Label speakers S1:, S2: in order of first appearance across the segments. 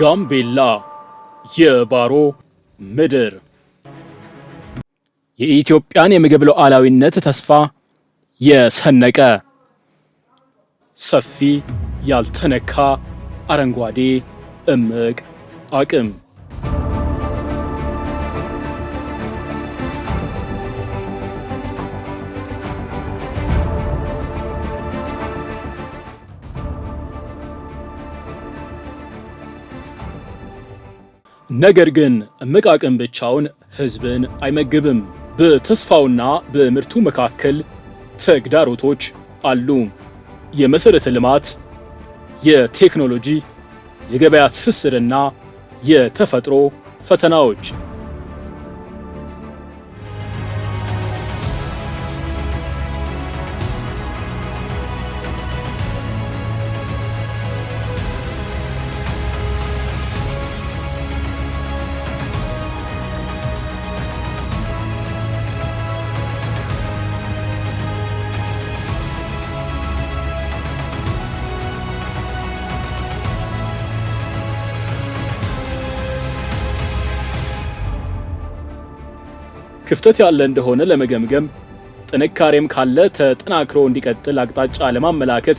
S1: ጋምቤላ የባሮ ምድር የኢትዮጵያን የምግብ ሉዓላዊነት ተስፋ የሰነቀ ሰፊ ያልተነካ አረንጓዴ እምቅ አቅም ነገር ግን እምቅ አቅም ብቻውን ህዝብን አይመግብም። በተስፋውና በምርቱ መካከል ተግዳሮቶች አሉ። የመሰረተ ልማት፣ የቴክኖሎጂ፣ የገበያ ትስስርና የተፈጥሮ ፈተናዎች ክፍተት ያለ እንደሆነ ለመገምገም፣ ጥንካሬም ካለ ተጠናክሮ እንዲቀጥል አቅጣጫ ለማመላከት፣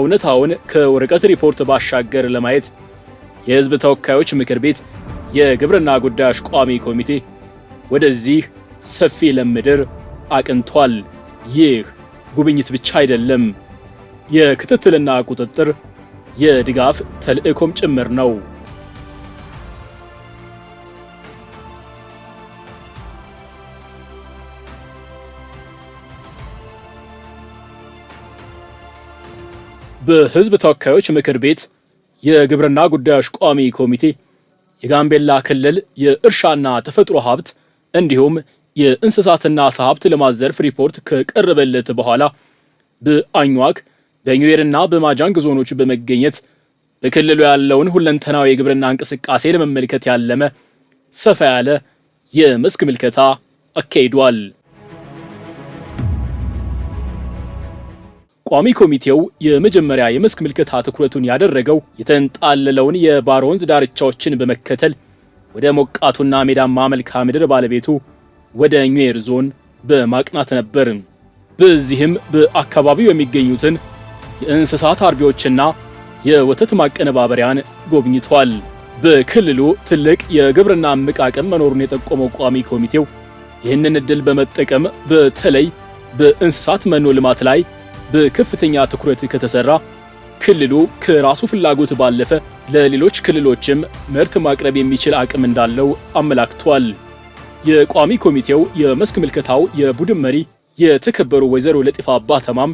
S1: እውነታውን ከወረቀት ሪፖርት ባሻገር ለማየት የሕዝብ ተወካዮች ምክር ቤት የግብርና ጉዳዮች ቋሚ ኮሚቴ ወደዚህ ሰፊ ለምድር አቅንቷል። ይህ ጉብኝት ብቻ አይደለም፣ የክትትልና ቁጥጥር የድጋፍ ተልዕኮም ጭምር ነው። በህዝብ ተወካዮች ምክር ቤት የግብርና ጉዳዮች ቋሚ ኮሚቴ የጋምቤላ ክልል የእርሻና ተፈጥሮ ሀብት እንዲሁም የእንስሳትና ዓሳ ሀብት ልማት ዘርፍ ሪፖርት ከቀረበለት በኋላ በአኝዋክ በኒዌርና በማጃንግ ዞኖች በመገኘት በክልሉ ያለውን ሁለንተናዊ የግብርና እንቅስቃሴ ለመመልከት ያለመ ሰፋ ያለ የመስክ ምልከታ አካሂዷል። ቋሚ ኮሚቴው የመጀመሪያ የመስክ ምልከታ ትኩረቱን ያደረገው የተንጣለለውን የባሮ ወንዝ ዳርቻዎችን በመከተል ወደ ሞቃቱና ሜዳማ መልክዓ ምድር ባለቤቱ ወደ ኙዌር ዞን በማቅናት ነበር። በዚህም በአካባቢው የሚገኙትን የእንስሳት አርቢዎችና የወተት ማቀነባበሪያን ጎብኝቷል። በክልሉ ትልቅ የግብርና አመቃቀም መኖሩን የጠቆመው ቋሚ ኮሚቴው ይህንን ዕድል በመጠቀም በተለይ በእንስሳት መኖ ልማት ላይ በከፍተኛ ትኩረት ከተሰራ ክልሉ ከራሱ ፍላጎት ባለፈ ለሌሎች ክልሎችም ምርት ማቅረብ የሚችል አቅም እንዳለው አመላክቷል። የቋሚ ኮሚቴው የመስክ ምልከታው የቡድን መሪ የተከበሩ ወይዘሮ ለጢፋ አባተማም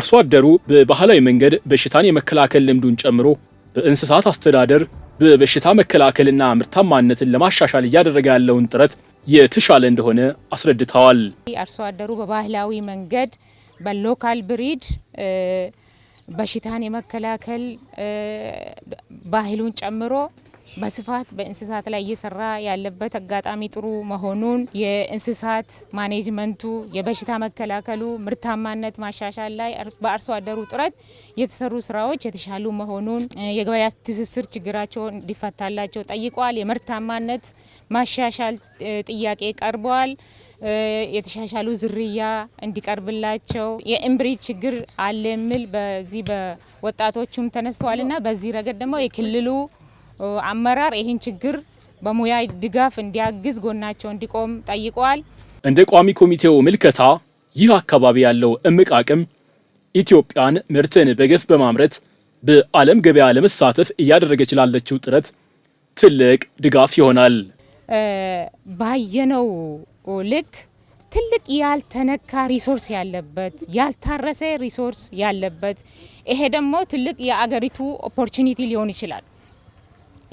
S1: አርሶ አደሩ በባህላዊ መንገድ በሽታን የመከላከል ልምዱን ጨምሮ በእንስሳት አስተዳደር በበሽታ መከላከልና ምርታማነትን ለማሻሻል እያደረገ ያለውን ጥረት የተሻለ እንደሆነ አስረድተዋል።
S2: አርሶ አደሩ በባህላዊ መንገድ በሎካል ብሪድ በሽታን የመከላከል ባህሉን ጨምሮ በስፋት በእንስሳት ላይ እየሰራ ያለበት አጋጣሚ ጥሩ መሆኑን የእንስሳት ማኔጅመንቱ የበሽታ መከላከሉ ምርታማነት ማሻሻል ላይ በአርሶ አደሩ ጥረት የተሰሩ ስራዎች የተሻሉ መሆኑን የገበያ ትስስር ችግራቸውን እንዲፈታላቸው ጠይቋል። የምርታማነት ማሻሻል ጥያቄ ቀርበዋል። የተሻሻሉ ዝርያ እንዲቀርብላቸው የእምብሪድ ችግር አለ የሚል በዚህ በወጣቶቹም ተነስተዋልና በዚህ ረገድ ደግሞ የክልሉ አመራር ይህን ችግር በሙያ ድጋፍ እንዲያግዝ ጎናቸው እንዲቆም ጠይቀዋል።
S1: እንደ ቋሚ ኮሚቴው ምልከታ ይህ አካባቢ ያለው እምቅ አቅም ኢትዮጵያን ምርትን በገፍ በማምረት በዓለም ገበያ ለመሳተፍ እያደረገች ላለችው ጥረት ትልቅ ድጋፍ ይሆናል
S2: ባየነው ልክ ትልቅ ያልተነካ ሪሶርስ ያለበት ያልታረሰ ሪሶርስ ያለበት ይሄ ደግሞ ትልቅ የአገሪቱ ኦፖርቹኒቲ ሊሆን ይችላል።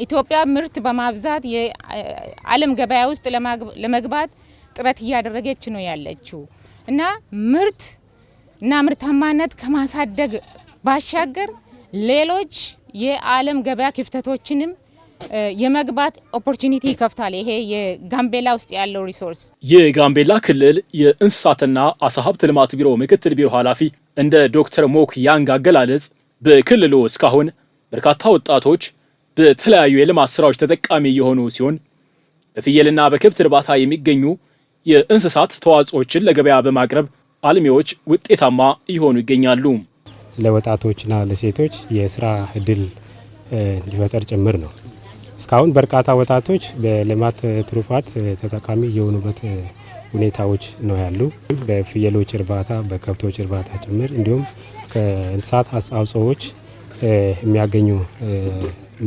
S2: ኢትዮጵያ ምርት በማብዛት የዓለም ገበያ ውስጥ ለመግባት ጥረት እያደረገች ነው ያለችው እና ምርት እና ምርታማነት ከማሳደግ ባሻገር ሌሎች የዓለም ገበያ ክፍተቶችንም የመግባት ኦፖርቹኒቲ ይከፍታል። ይሄ የጋምቤላ ውስጥ ያለው ሪሶርስ።
S1: የጋምቤላ ክልል የእንስሳትና አሳ ሀብት ልማት ቢሮ ምክትል ቢሮ ኃላፊ እንደ ዶክተር ሞክ ያንግ አገላለጽ በክልሉ እስካሁን በርካታ ወጣቶች በተለያዩ የልማት ስራዎች ተጠቃሚ የሆኑ ሲሆን በፍየልና በከብት እርባታ የሚገኙ የእንስሳት ተዋጽኦችን ለገበያ በማቅረብ አልሚዎች ውጤታማ እየሆኑ ይገኛሉ።
S3: ለወጣቶችና ለሴቶች የስራ እድል እንዲፈጠር ጭምር ነው እስካሁን በርካታ ወጣቶች በልማት ትሩፋት ተጠቃሚ የሆኑበት ሁኔታዎች ነው ያሉ። በፍየሎች እርባታ፣ በከብቶች እርባታ ጭምር እንዲሁም ከእንስሳት አስተዋጽኦዎች የሚያገኙ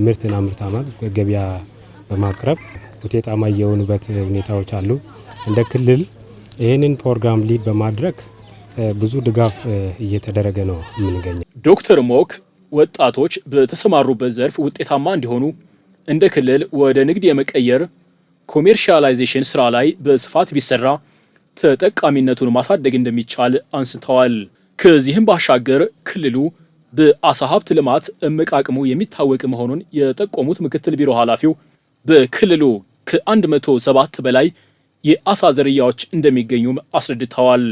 S3: ምርትና ምርታማት ገበያ በማቅረብ ውጤታማ የሆኑበት ሁኔታዎች አሉ። እንደ ክልል ይህንን ፕሮግራም ሊድ በማድረግ ብዙ ድጋፍ እየተደረገ ነው የምንገኘው።
S1: ዶክተር ሞክ ወጣቶች በተሰማሩበት ዘርፍ ውጤታማ እንዲሆኑ እንደ ክልል ወደ ንግድ የመቀየር ኮሜርሻላይዜሽን ስራ ላይ በስፋት ቢሰራ ተጠቃሚነቱን ማሳደግ እንደሚቻል አንስተዋል። ከዚህም ባሻገር ክልሉ በአሳ ሀብት ልማት እምቅ አቅሙ የሚታወቅ መሆኑን የጠቆሙት ምክትል ቢሮ ኃላፊው በክልሉ ከ107 በላይ የአሳ ዝርያዎች እንደሚገኙም አስረድተዋል።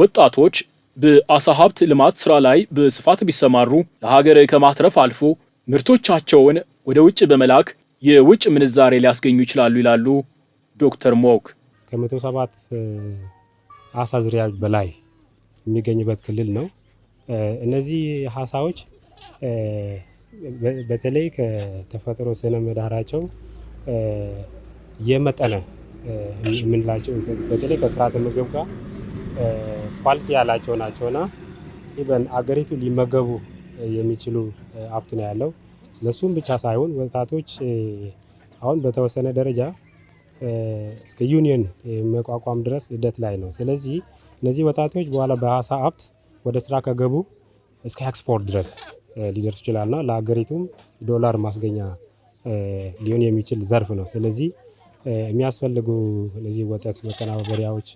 S1: ወጣቶች በአሳ ሀብት ልማት ስራ ላይ በስፋት ቢሰማሩ ለሀገር ከማትረፍ አልፎ ምርቶቻቸውን ወደ ውጭ በመላክ የውጭ ምንዛሬ ሊያስገኙ ይችላሉ ይላሉ ዶክተር ሞክ።
S3: ከመቶ ሰባት አሳ ዝርያ በላይ የሚገኝበት ክልል ነው። እነዚህ ሀሳዎች በተለይ ከተፈጥሮ ስነ ምህዳራቸው የመጠነ የምንላቸው በተለይ ከስርዓተ ምግብ ጋር ኳሊቲ ያላቸው ናቸውና ኢቨን አገሪቱ ሊመገቡ የሚችሉ ሀብት ነው ያለው። ለሱም ብቻ ሳይሆን ወጣቶች አሁን በተወሰነ ደረጃ እስከ ዩኒየን መቋቋም ድረስ ሂደት ላይ ነው። ስለዚህ እነዚህ ወጣቶች በኋላ በሀሳ ሀብት ወደ ስራ ከገቡ እስከ ኤክስፖርት ድረስ ሊደርሱ ይችላልና ለሀገሪቱም ዶላር ማስገኛ ሊሆን የሚችል ዘርፍ ነው። ስለዚህ የሚያስፈልጉ እነዚህ ወጠት መቀናበሪያዎች፣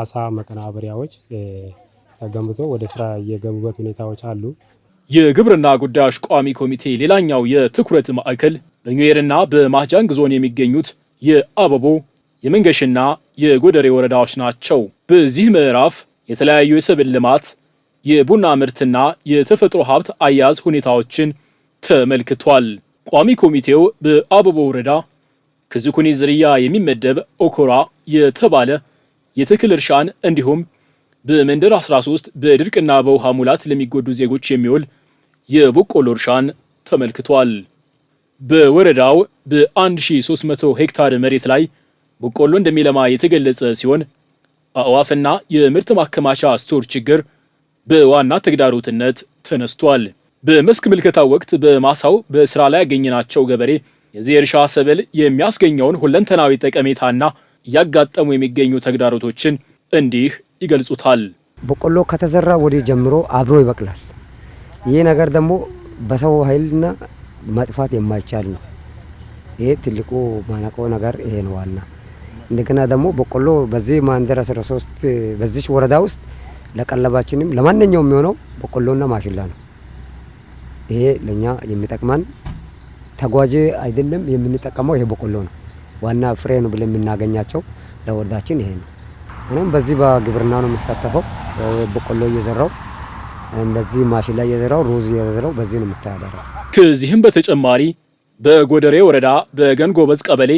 S3: አሳ መቀናበሪያዎች ተገንብቶ ወደ ስራ የገቡበት ሁኔታዎች አሉ።
S1: የግብርና ጉዳዮች ቋሚ ኮሚቴ ሌላኛው የትኩረት ማዕከል በኙዌርና በማህጃንግ ዞን የሚገኙት የአበቦ የመንገሽና የጎደሬ ወረዳዎች ናቸው። በዚህ ምዕራፍ የተለያዩ የሰብል ልማት፣ የቡና ምርትና የተፈጥሮ ሀብት አያያዝ ሁኔታዎችን ተመልክቷል። ቋሚ ኮሚቴው በአበቦ ወረዳ ከዝኩኒ ዝርያ የሚመደብ ኦኮራ የተባለ የተክል እርሻን እንዲሁም በመንደር 13 በድርቅና በውሃ ሙላት ለሚጎዱ ዜጎች የሚውል የበቆሎ እርሻን ተመልክቷል። በወረዳው በ1300 ሄክታር መሬት ላይ በቆሎ እንደሚለማ የተገለጸ ሲሆን አዕዋፍና የምርት ማከማቻ ስቶር ችግር በዋና ተግዳሮትነት ተነስቷል። በመስክ ምልከታ ወቅት በማሳው በስራ ላይ ያገኘናቸው ገበሬ የዚህ እርሻ ሰብል የሚያስገኘውን ሁለንተናዊ ጠቀሜታና እያጋጠሙ የሚገኙ ተግዳሮቶችን እንዲህ ይገልጹታል።
S4: በቆሎ ከተዘራ ወዲህ ጀምሮ አብሮ ይበቅላል። ይህ ነገር ደግሞ በሰው ኃይልና መጥፋት የማይቻል ነው። ይህ ትልቁ ማነቆ ነገር ይሄ ነው ዋና። እንደገና ደግሞ በቆሎ በዚህ ማንደር 13 በዚች ወረዳ ውስጥ ለቀለባችንም ለማንኛውም የሚሆነው በቆሎና ማሽላ ነው። ይሄ ለእኛ የሚጠቅመን ተጓዥ አይደለም የምንጠቀመው ይሄ በቆሎ ነው። ዋና ፍሬ ነው ብለን የምናገኛቸው ለወረዳችን ይሄ ነው። እኔም በዚህ በግብርና ነው የምሳተፈው በቆሎ እየዘራው እንደዚህ ማሽን ላይ የዘራው ሩዝ የዘራው በዚህ ነው የምታደረው።
S1: ከዚህም በተጨማሪ በጎደሬ ወረዳ በገንጎበዝ ቀበሌ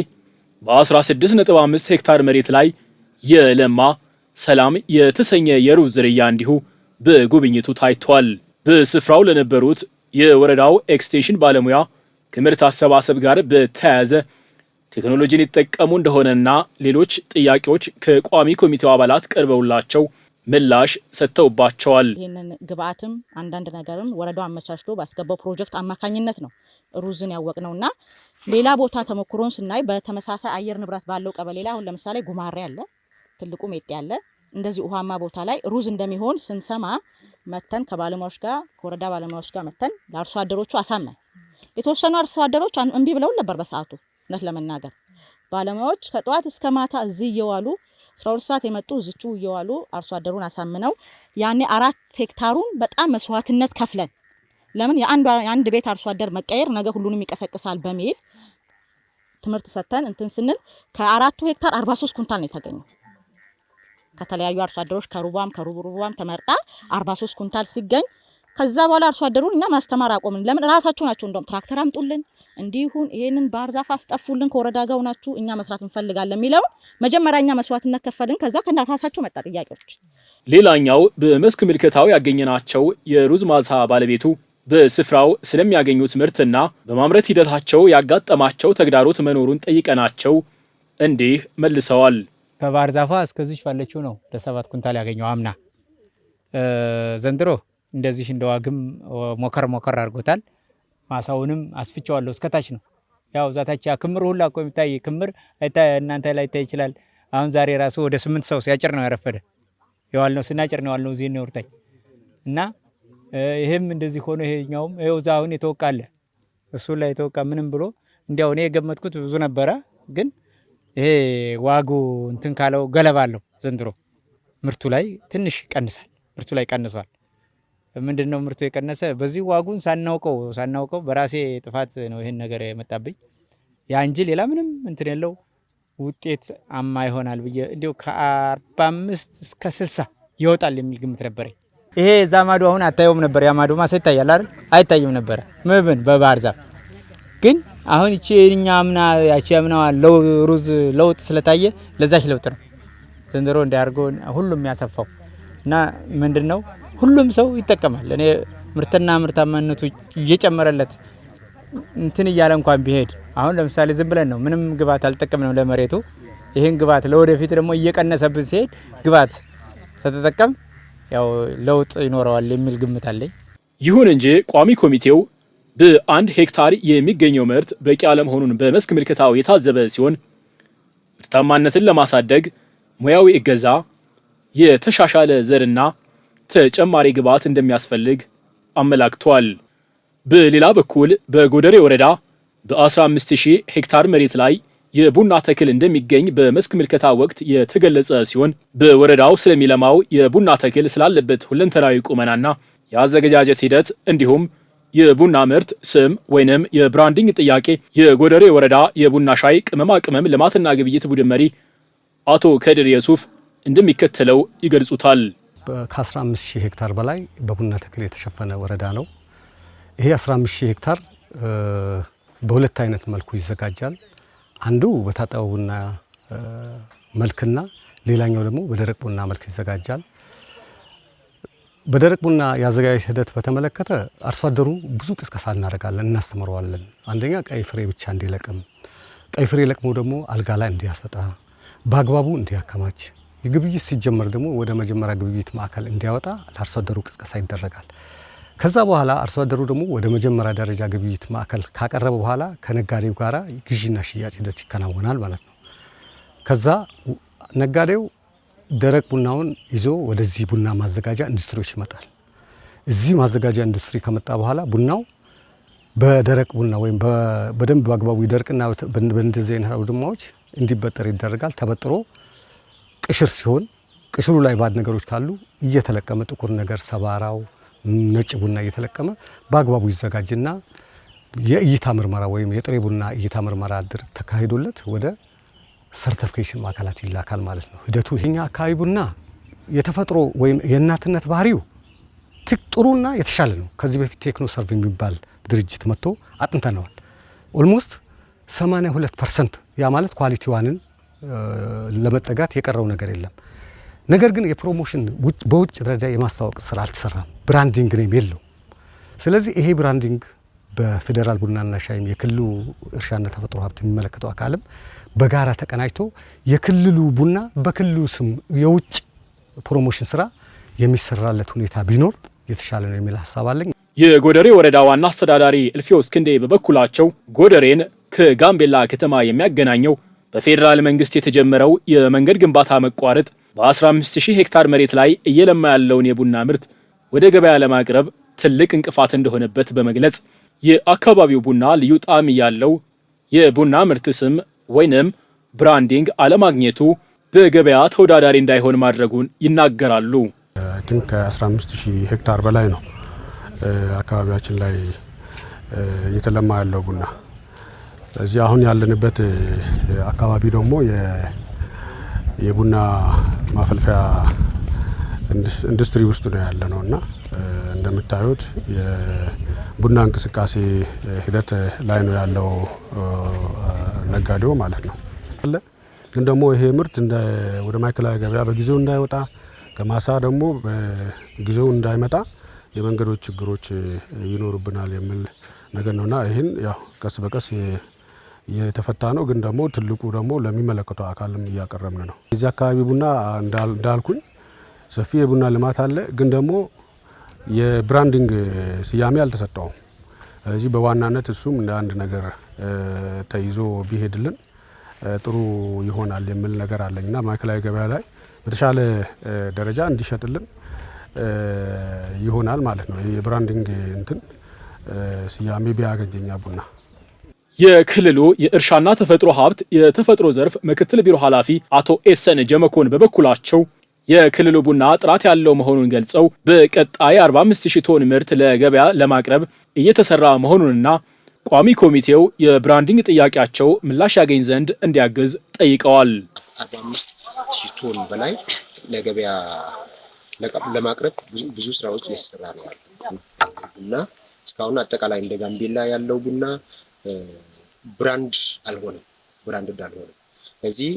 S1: በ16.5 ሄክታር መሬት ላይ የለማ ሰላም የተሰኘ የሩዝ ዝርያ እንዲሁ በጉብኝቱ ታይቷል። በስፍራው ለነበሩት የወረዳው ኤክስቴንሽን ባለሙያ ከምርት አሰባሰብ ጋር በተያያዘ ቴክኖሎጂን ይጠቀሙ እንደሆነና ሌሎች ጥያቄዎች ከቋሚ ኮሚቴው አባላት ቀርበውላቸው ምላሽ ሰጥተውባቸዋል።
S5: ይህንን ግብአትም አንዳንድ ነገርም ወረዳው አመቻችቶ ባስገባው ፕሮጀክት አማካኝነት ነው ሩዝን ያወቅ ነው እና ሌላ ቦታ ተሞክሮን ስናይ በተመሳሳይ አየር ንብረት ባለው ቀበሌ ላይ አሁን ለምሳሌ ጉማሬ አለ፣ ትልቁ ሜጤ አለ። እንደዚህ ውሃማ ቦታ ላይ ሩዝ እንደሚሆን ስንሰማ መተን ከባለሙያዎች ጋር ከወረዳ ባለሙያዎች ጋር መተን ለአርሶ አደሮቹ አሳመን። የተወሰኑ አርሶ አደሮች እምቢ ብለውን ነበር በሰዓቱ እውነት ለመናገር ባለሙያዎች ከጠዋት እስከ ማታ እዚህ እየዋሉ አስራ ሁለት ሰዓት የመጡ ዝቹ እየዋሉ አርሶ አደሩን አሳምነው ያኔ አራት ሄክታሩን በጣም መስዋዕትነት ከፍለን ለምን የአንድ ቤት አርሶ አደር መቀየር ነገ ሁሉንም ይቀሰቅሳል በሚል ትምህርት ሰጥተን እንትን ስንል ከአራቱ ሄክታር አርባ ሶስት ኩንታል ነው የተገኘው። ከተለያዩ አርሶ አደሮች ከሩቧም ከሩቡሩቧም ተመርጣ አርባ ሶስት ኩንታል ሲገኝ ከዛ በኋላ አርሶ አደሩን እኛ ማስተማር አቆምን። ለምን ራሳቸው ናቸው እንደውም ትራክተር አምጡልን እንዲሁን ይሄንን ባህር ዛፍ አስጠፉልን ከወረዳ ጋር ሆናችሁ እኛ መስራት እንፈልጋለን የሚለውን መጀመሪያ እኛ መስዋዕትነት ከፈልን። ከዛ ከና ራሳቸው መጣ ጥያቄዎች።
S1: ሌላኛው በመስክ ምልከታው ያገኘናቸው የሩዝ ማሳ ባለቤቱ በስፍራው ስለሚያገኙት ምርትና በማምረት ሂደታቸው ያጋጠማቸው ተግዳሮት መኖሩን ጠይቀናቸው እንዲህ መልሰዋል።
S6: ከባህር ዛፏ እስከዚች ባለችው ነው ለሰባት ኩንታል ያገኘው አምና ዘንድሮ እንደዚህ እንደ ዋግም ሞከር ሞከር አድርጎታል። ማሳውንም አስፍቸዋለሁ እስከታች ነው። ያው ዛታች ክምር ሁላ እኮ የሚታይ ክምር እናንተ ላይ ይታይ ይችላል። አሁን ዛሬ ራሱ ወደ ስምንት ሰው ሲያጭር ነው ያረፈደ የዋል ነው ስናጭር ነው ዋልነው ነው እዚህ ነው እና ይህም እንደዚህ ሆኖ ይሄኛውም ይሄው እዛ አሁን የተወቃለ እሱ ላይ የተወቃ ምንም ብሎ እንዲያው እኔ የገመትኩት ብዙ ነበረ፣ ግን ይሄ ዋጉ እንትን ካለው ገለባ አለው ዘንድሮ ምርቱ ላይ ትንሽ ቀንሳል። ምርቱ ላይ ቀንሷል። ምንድን ነው ምርቱ የቀነሰ። በዚህ ዋጉን ሳናውቀው ሳናውቀው በራሴ ጥፋት ነው ይህን ነገር የመጣብኝ። ያ እንጂ ሌላ ምንም እንትን የለው ውጤት አማ ይሆናል ብዬ እንዲሁ ከአርባ አምስት እስከ ስልሳ ይወጣል የሚል ግምት ነበረኝ። ይሄ እዛ ማዶ አሁን አታየውም ነበር። ያ ማዶ ማሳ ይታያል አይደል? አይታይም ነበረ ምብን በባህር ዛፍ ግን አሁን እቺ እኛ አምና ያቺ አምና ለሩዝ ሩዝ ለውጥ ስለታየ ለዛች ለውጥ ነው ዘንድሮ እንዳያርገው ሁሉም ያሰፋው እና ምንድን ነው ሁሉም ሰው ይጠቀማል። እኔ ምርትና ምርታማነቱ እየጨመረለት እንትን እያለ እንኳን ቢሄድ አሁን ለምሳሌ ዝም ብለን ነው ምንም ግብዓት አልጠቀምንም ለመሬቱ። ይህን ግብዓት ለወደፊት ደግሞ እየቀነሰብን ሲሄድ ግብዓት ስትጠቀም ያው ለውጥ ይኖረዋል የሚል ግምት አለኝ።
S1: ይሁን እንጂ ቋሚ ኮሚቴው በአንድ ሄክታር የሚገኘው ምርት በቂ አለመሆኑን በመስክ ምልከታው የታዘበ ሲሆን ምርታማነትን ለማሳደግ ሙያዊ እገዛ፣ የተሻሻለ ዘርና ተጨማሪ ግብዓት እንደሚያስፈልግ አመላክቷል። በሌላ በኩል በጎደሬ ወረዳ በ15000 ሄክታር መሬት ላይ የቡና ተክል እንደሚገኝ በመስክ ምልከታ ወቅት የተገለጸ ሲሆን በወረዳው ስለሚለማው የቡና ተክል ስላለበት ሁለንተናዊ ቁመናና የአዘገጃጀት ሂደት እንዲሁም የቡና ምርት ስም ወይንም የብራንዲንግ ጥያቄ የጎደሬ ወረዳ የቡና ሻይ ቅመማ ቅመም ልማትና ግብይት ቡድን መሪ አቶ ከድር የሱፍ እንደሚከተለው ይገልጹታል።
S7: ከ15 ሺህ ሄክታር በላይ በቡና ተክል የተሸፈነ ወረዳ ነው። ይሄ 15 ሺህ ሄክታር በሁለት አይነት መልኩ ይዘጋጃል። አንዱ በታጠበ ቡና መልክና ሌላኛው ደግሞ በደረቅ ቡና መልክ ይዘጋጃል። በደረቅ ቡና የአዘጋጅ ሂደት በተመለከተ አርሶ አደሩ ብዙ ቅስቀሳ እናደርጋለን፣ እናስተምረዋለን። አንደኛ ቀይ ፍሬ ብቻ እንዲለቅም፣ ቀይ ፍሬ ለቅሞ ደግሞ አልጋ ላይ እንዲያሰጣ፣ በአግባቡ እንዲያከማች የግብይት ሲጀመር ደግሞ ወደ መጀመሪያ ግብይት ማዕከል እንዲያወጣ ለአርሶ አደሩ ቅስቀሳ ይደረጋል። ከዛ በኋላ አርሶ አደሩ ደግሞ ወደ መጀመሪያ ደረጃ ግብይት ማዕከል ካቀረበ በኋላ ከነጋዴው ጋራ ግዢና ሽያጭ ሂደት ይከናወናል ማለት ነው። ከዛ ነጋዴው ደረቅ ቡናውን ይዞ ወደዚህ ቡና ማዘጋጃ ኢንዱስትሪዎች ይመጣል። እዚህ ማዘጋጃ ኢንዱስትሪ ከመጣ በኋላ ቡናው በደረቅ ቡና ወይም በደንብ በአግባቡ ይደርቅና በእንደዚህ አይነት አውድማዎች እንዲበጠር ይደረጋል። ተበጥሮ ቅሽር ሲሆን ቅሽሩ ላይ ባድ ነገሮች ካሉ እየተለቀመ ጥቁር ነገር ሰባራው፣ ነጭ ቡና እየተለቀመ በአግባቡ ይዘጋጅና የእይታ ምርመራ ወይም የጥሬ ቡና እይታ ምርመራ ድር ተካሂዶለት ወደ ሰርተፊኬሽን ማዕከላት ይላካል ማለት ነው። ሂደቱ የኛ አካባቢ ቡና የተፈጥሮ ወይም የእናትነት ባህሪው ጥሩና የተሻለ ነው። ከዚህ በፊት ቴክኖ ሰርቭ የሚባል ድርጅት መጥቶ አጥንተነዋል። ኦልሞስት 82 ፐርሰንት ያ ማለት ኳሊቲዋንን ለመጠጋት የቀረው ነገር የለም። ነገር ግን የፕሮሞሽን በውጭ ደረጃ የማስተዋወቅ ስራ አልተሰራም። ብራንዲንግ ነው የለው። ስለዚህ ይሄ ብራንዲንግ በፌዴራል ቡናና ሻይም የክልሉ እርሻና ተፈጥሮ ሀብት የሚመለከተው አካልም በጋራ ተቀናጅቶ የክልሉ ቡና በክልሉ ስም የውጭ ፕሮሞሽን ስራ የሚሰራለት ሁኔታ ቢኖር የተሻለ ነው የሚል ሀሳብ አለኝ።
S1: የጎደሬ ወረዳ ዋና አስተዳዳሪ እልፌው እስክንዴ በበኩላቸው ጎደሬን ከጋምቤላ ከተማ የሚያገናኘው በፌዴራል መንግስት የተጀመረው የመንገድ ግንባታ መቋረጥ በ15000 ሄክታር መሬት ላይ እየለማ ያለውን የቡና ምርት ወደ ገበያ ለማቅረብ ትልቅ እንቅፋት እንደሆነበት በመግለጽ የአካባቢው ቡና ልዩ ጣዕም ያለው የቡና ምርት ስም ወይንም ብራንዲንግ አለማግኘቱ በገበያ ተወዳዳሪ እንዳይሆን ማድረጉን ይናገራሉ።
S8: ከ15000 ሄክታር በላይ ነው አካባቢያችን ላይ እየተለማ ያለው ቡና እዚህ አሁን ያለንበት አካባቢ ደግሞ የቡና ማፈልፈያ ኢንዱስትሪ ውስጥ ነው ያለ ነው እና እንደምታዩት የቡና እንቅስቃሴ ሂደት ላይ ነው ያለው ነጋዴው ማለት ነው። ግን ደግሞ ይሄ ምርት ወደ ማዕከላዊ ገበያ በጊዜው እንዳይወጣ ከማሳ ደግሞ በጊዜው እንዳይመጣ የመንገዶች ችግሮች ይኖሩብናል የሚል ነገር ነውና ይህን ያው ቀስ በቀስ የተፈታ ነው። ግን ደግሞ ትልቁ ደግሞ ለሚመለከተው አካልም እያቀረብን ነው። የዚህ አካባቢ ቡና እንዳልኩኝ ሰፊ የቡና ልማት አለ። ግን ደግሞ የብራንዲንግ ስያሜ አልተሰጠውም። ስለዚህ በዋናነት እሱም እንደ አንድ ነገር ተይዞ ቢሄድልን ጥሩ ይሆናል የሚል ነገር አለኝና ማዕከላዊ ገበያ ላይ በተሻለ ደረጃ እንዲሸጥልን ይሆናል ማለት ነው። የብራንዲንግ እንትን ስያሜ ቢያገኘኛ ቡና
S1: የክልሉ የእርሻና ተፈጥሮ ሀብት የተፈጥሮ ዘርፍ ምክትል ቢሮ ኃላፊ አቶ ኤሰን ጀመኮን በበኩላቸው የክልሉ ቡና ጥራት ያለው መሆኑን ገልጸው በቀጣይ 45000 ቶን ምርት ለገበያ ለማቅረብ እየተሰራ መሆኑንና ቋሚ ኮሚቴው የብራንዲንግ ጥያቄያቸው ምላሽ ያገኝ ዘንድ እንዲያግዝ ጠይቀዋል።
S9: 45000 ቶን በላይ ለገበያ ለማቅረብ ብዙ ስራዎች እየተሰራ ነው ያለው እና እስካሁን አጠቃላይ እንደ ጋምቤላ ያለው ቡና ብራንድ አልሆነም፣ ብራንድ አልሆነም። እዚህ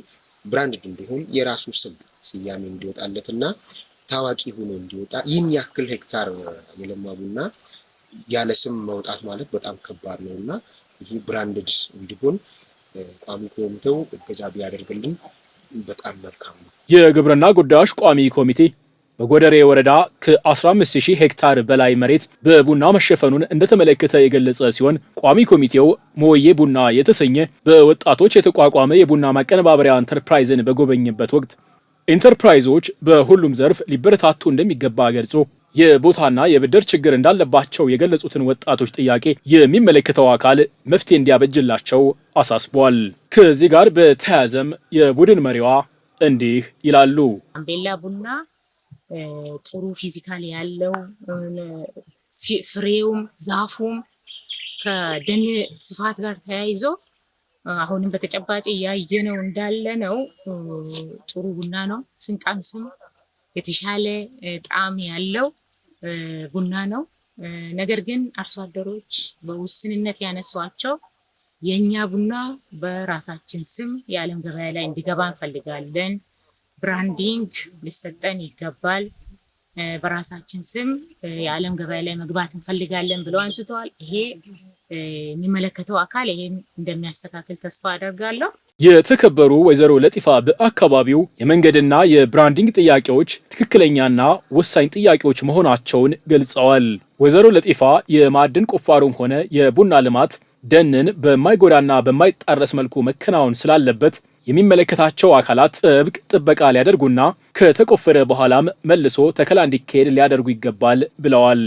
S9: ብራንድ እንዲሆን የራሱ ስም ስያሜ እንዲወጣለት እና ታዋቂ ሆኖ እንዲወጣ ይህን ያክል ሄክታር የለማ ቡና ያለ ስም መውጣት ማለት በጣም ከባድ ነው እና ይህ ብራንድድ እንዲሆን ቋሚ ኮሚቴው እገዛ ቢያደርግልን በጣም መልካም ነው።
S1: የግብርና ጉዳዮች ቋሚ ኮሚቴ በጎደሬ ወረዳ ከ15000 ሄክታር በላይ መሬት በቡና መሸፈኑን እንደተመለከተ የገለጸ ሲሆን ቋሚ ኮሚቴው ሞዬ ቡና የተሰኘ በወጣቶች የተቋቋመ የቡና ማቀነባበሪያ ኢንተርፕራይዝን በጎበኘበት ወቅት ኢንተርፕራይዞች በሁሉም ዘርፍ ሊበረታቱ እንደሚገባ ገልጾ የቦታና የብድር ችግር እንዳለባቸው የገለጹትን ወጣቶች ጥያቄ የሚመለከተው አካል መፍትሄ እንዲያበጅላቸው አሳስቧል። ከዚህ ጋር በተያያዘም የቡድን መሪዋ እንዲህ ይላሉ።
S2: አምቤላ ቡና ጥሩ ፊዚካል ያለው ፍሬውም ዛፉም ከደን ስፋት ጋር ተያይዞ አሁንም በተጨባጭ እያየነው እንዳለ ነው። ጥሩ ቡና ነው። ስንቀምስም የተሻለ ጣዕም ያለው ቡና ነው። ነገር ግን አርሶ አደሮች በውስንነት ያነሷቸው የእኛ ቡና በራሳችን ስም የዓለም ገበያ ላይ እንዲገባ እንፈልጋለን ብራንዲንግ ሊሰጠን ይገባል። በራሳችን ስም የዓለም ገበያ ላይ መግባት እንፈልጋለን ብለው አንስተዋል። ይሄ የሚመለከተው አካል ይሄን እንደሚያስተካክል ተስፋ አደርጋለሁ።
S1: የተከበሩ ወይዘሮ ለጢፋ በአካባቢው የመንገድና የብራንዲንግ ጥያቄዎች ትክክለኛና ወሳኝ ጥያቄዎች መሆናቸውን ገልጸዋል። ወይዘሮ ለጢፋ የማዕድን ቁፋሮም ሆነ የቡና ልማት ደንን በማይጎዳና በማይጣረስ መልኩ መከናወን ስላለበት የሚመለከታቸው አካላት ጥብቅ ጥበቃ ሊያደርጉና ከተቆፈረ በኋላም መልሶ ተከላ እንዲካሄድ ሊያደርጉ ይገባል ብለዋል።